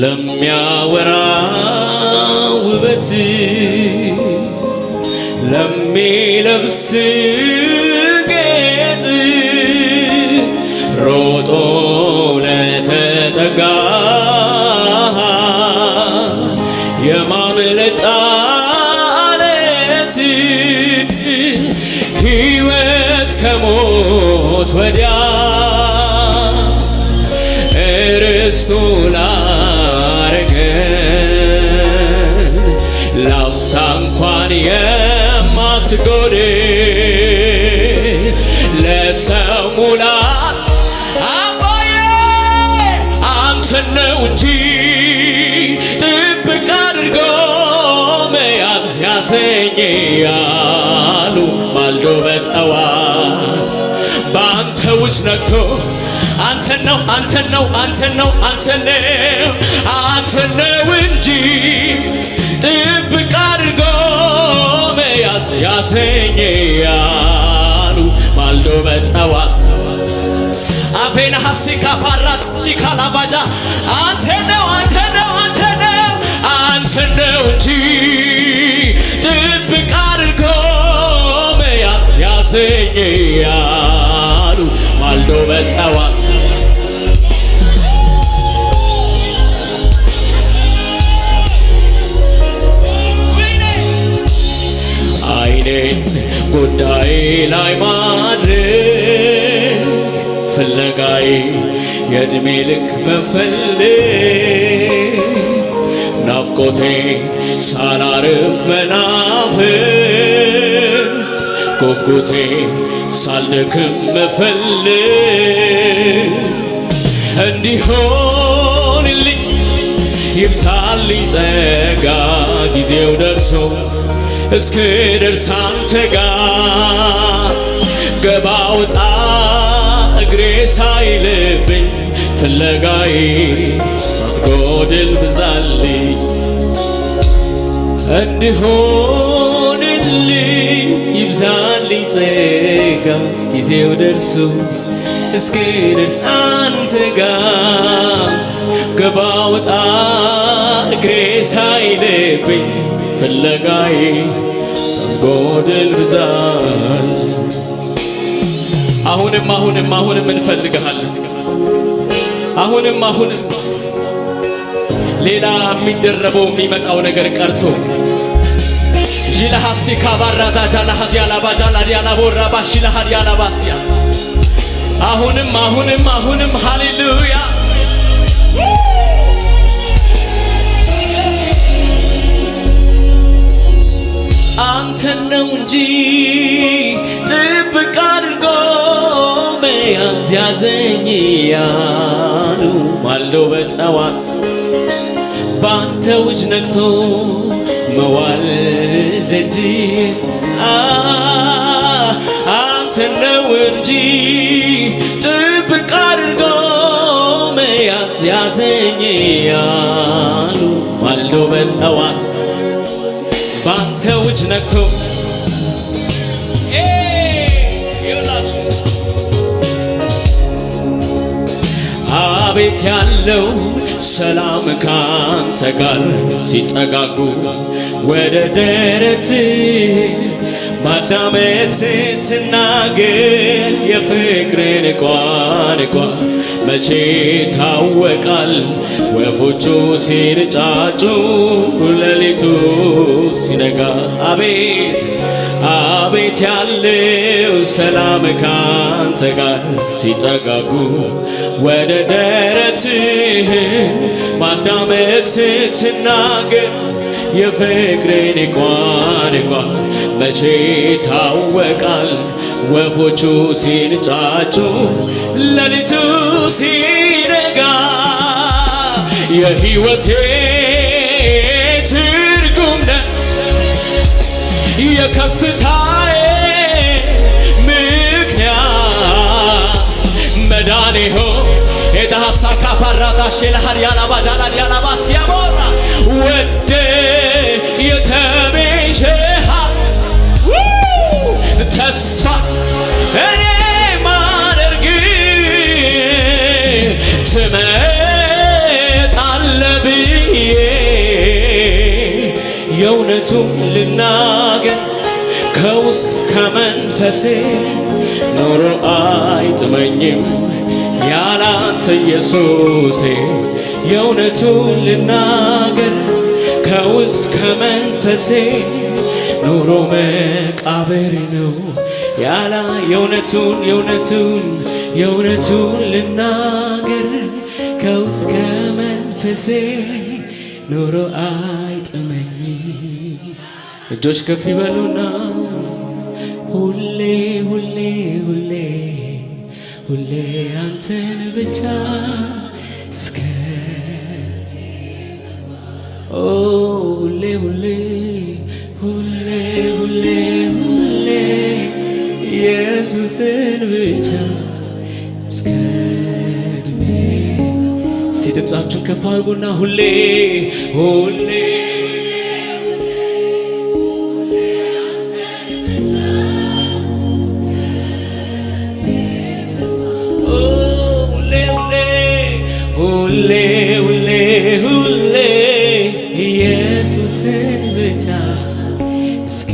ለሚያወራ ውበት ለሚለብስ ጌጥ ሮጦ ለተጠጋ የማምለጫ አለት ሕይወት ከሞት ወዲያ እርስቱ የማትጎድ ለሰው ሙላት አባዬ አንተ ነው እንጂ ጥብቅ አድርጎ መያዝ ያዘኝ ያሉ ማልዶ በጠዋት በአንተ ውጭ ነግቶ አንተን ነው አንተን ነው አንተን ነው አንተን ነው አንተን ነው እንጂ አሰኘ ያሉ ማልዶ በጠዋት አፌን ሐሴካ ፓራት ጂካላባጃ አንተ ነው አንተ ነው አንተ ነው አንተ ነው እንጂ ጥብቅ አድርጎ ጉዳይ ላይ ማድረግ ፍለጋዬ የዕድሜ ልክ መፈለግ ናፍቆቴ ሳላርፍ መናፍቅ ጉጉቴ ሳልደክም መፈለግ እንዲሆን ይብዛል ጸጋ ጊዜው ደርሶ እስክ ደርስ አንተ ጋር ገባ ወጣ እግሬ ሳይልብኝ ፍለጋዬ ሳትጎድል ብዛልኝ እንድሆንልኝ ይብዛልኝ ጸጋ ጊዜው ደርሶ ደርስ አንተ ግባ ውጣ እግሬ ሳይልብኝ ፍለጋዬ ሳትጎድል ብዛል። አሁንም አሁንም አሁንም እንፈልግሃለን። አሁንም አሁንም ሌላ የሚደረበው የሚመጣው ነገር ቀርቶ ዥለሐሲካ ባራዳጃ ላሃዲያላባጃ ላዲያላቦራ ባሺ ላሃዲያላባስያ አሁንም አሁንም አሁንም ሃሌሉያ አንተን ነው እንጂ ጥብቅ አድርጎ መያዝ ያዘኝ ያሉ ማለው በጠዋት በአንተ ውጅ ነግቶ መዋል ደጅ አንተን ነው እንጂ ጥብቅ አድርጎ መያዝ ያዘኝ ያሉ ማለው በጠዋት የሰው እጅ ነክቶ ይላችሁ አቤት ያለው ሰላም ካንተ ጋር ሲጠጋጉ ወደ ደረት ማዳመጥ ስትናገር የፍቅርን ቋንቋ መቼ ታወቃል ወፎቹ ሲንጫጩ ሌሊቱ ሲነጋ አቤት አቤት ያለው ሰላም ካንተ ጋር ሲጠጋጉ ወደ ደረትህ ማዳመጥ ስትናገር የፍቅርን ቋንቋ መቼ ታወቃል ወፎቹ ሲንጫጩ ለሊቱ ሲነጋ የሕይወቴ ትርጉም ነ የከፍታዬ ምክንያት መዳኔ ሆ የተሐሳካ ፓራታሽ ለሃድ ያላባ ጃላድ ያላባ ሲያቦራ ወደ የተ ትመጣለ ብዬ የእውነቱን ልናገር ከውስጥ ከመንፈሴ ኖሮ አይጥመኝም ያላንተ ኢየሱሴ የእውነቱን ልናገር ከውስጥ ከመንፈሴ ኖሮ መቃብር ነው ያላ የእውነቱን የእውነቱን የእውነቱን ከው እስከ መንፈሴ ኑሮ አይጥመኝ። እጆች ከፍ ይበሉና ሁሌ ሁሌ ሁሌ ሁሌ አንተን ብቻ እስከ ሁሌ ሁሌ ሁሌ ሁሌ ሁሌ ኢየሱስን ብቻ እስከ እድሜ እስቲ ድምፃችሁን ከፍ አድርጉና ሁሌ ሁሌ ሁሌ ሁሌ ሁሌ ኢየሱስን ብቻ እስከ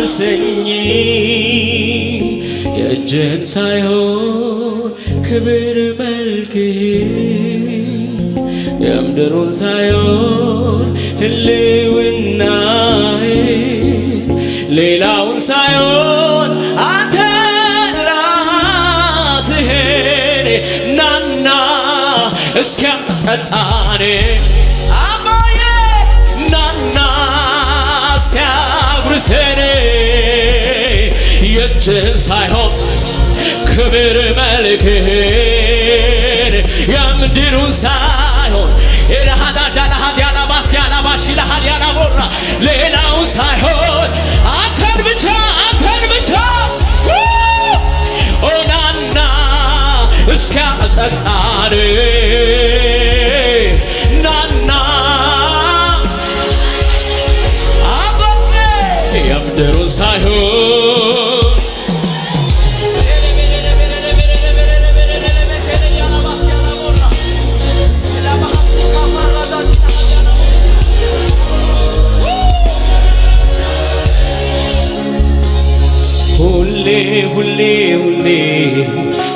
አትሰኝ የእጅን ሳይሆን ክብር መልክህ የምድሩን ሳይሆን ህልውናህ ሌላውን ሳይሆን አንተን ራስህን ናና እስከ ጠጣኔ አባዬ ናና ሲያጉርሰን 짙은 사형 그비를 멜긴 염디룬 사형 일하다 잘하디 하나 바스 하나 바시다 하디 하나 몰라 레나운 사형 아탈 비쳐 아탈 비쳐 오난나 스카타르 난나 아버지 염디룬 사형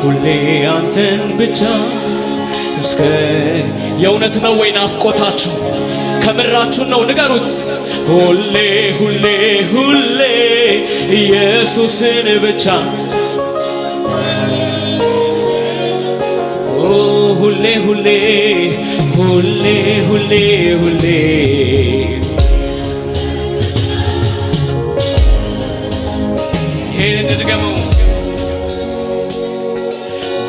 ሁሌ አንተን ብቻ እስከ የእውነት ነው ወይ ናፍቆታችሁ? ከምራችሁ ነው ንገሩት። ሁሌ ሁሌ ሁሌ ኢየሱስን ብቻ ሁሌ ሁሌ ሁሌ ሁሌ ሁሌ ይህን ድገመው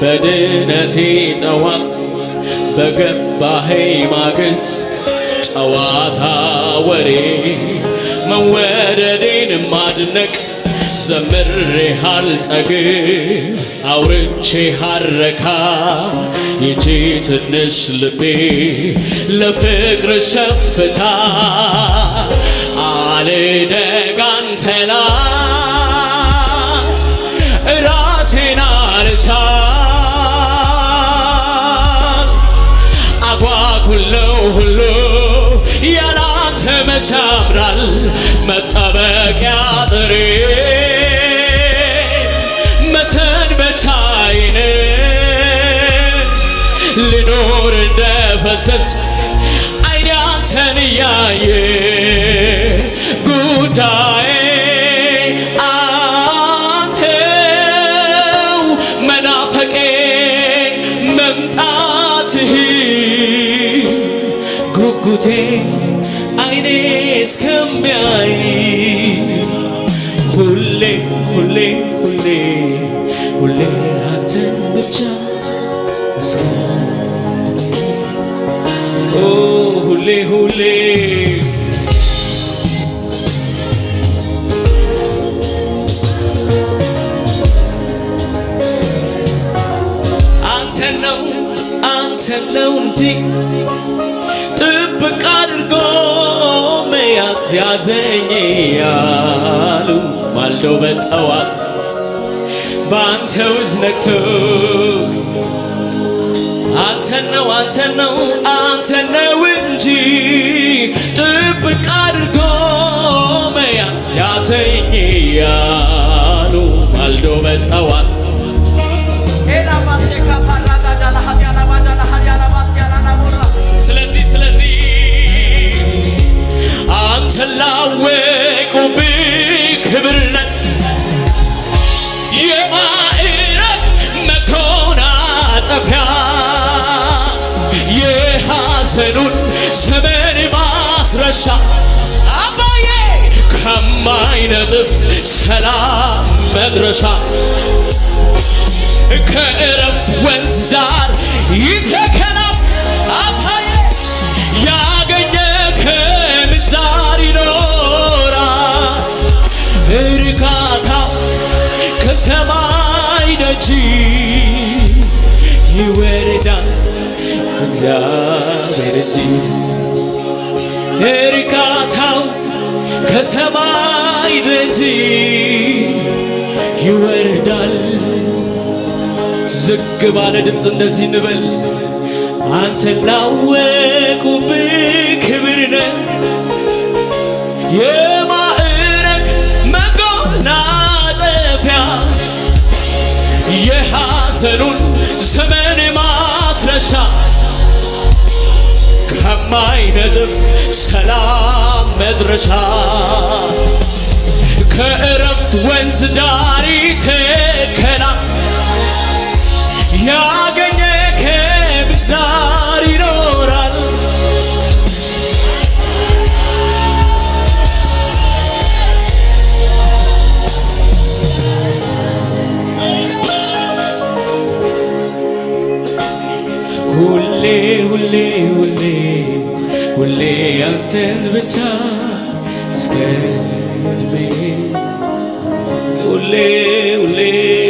በድነቴ ጠዋት በገባሄ ማግስት ጨዋታ ወሬ መወደዴን ማድነቅ ዘምሬ ሃልጠግ አውርቼ ሃረካ ይቺ ትንሽ ልቤ ለፍቅር ሸፍታ አልደጋንተላ ልኖር እንደፈሰስ ሁሌ ሁሌ አንተን ነው አንተን ነው እንጂ ጥብቅ አድርጎ መያዝ ያዘኝ ያሉ ማልደው በጠዋት በአንተ ውዝ ነግቶ አንተን ነው አንተን ነው አንተን ነው እንጂ ጥብቅ አድርጎ መያዝ ያዘኝ ያሉ ማልዶ በጠዋት ሰላም መድረሻ ከእረፍት ወንዝ ይወርዳል። ዝግ ባለ ድምፅ እንደዚህ ንበል አንተን ላወቁብ ክብር ነ የማዕረግ መጎናጸፊያ የሐዘኑን ዘመን ማስረሻ ከማይነጥፍ ሰላም መድረሻ ከእረ ወንዝ ዳሪ ተከላ ያገኘ ከብስ ይኖራል። ሁሌ ሁሌ ሁሌ ሁሌ አንተን ብቻ እስከ ዕድሜ olê, olê.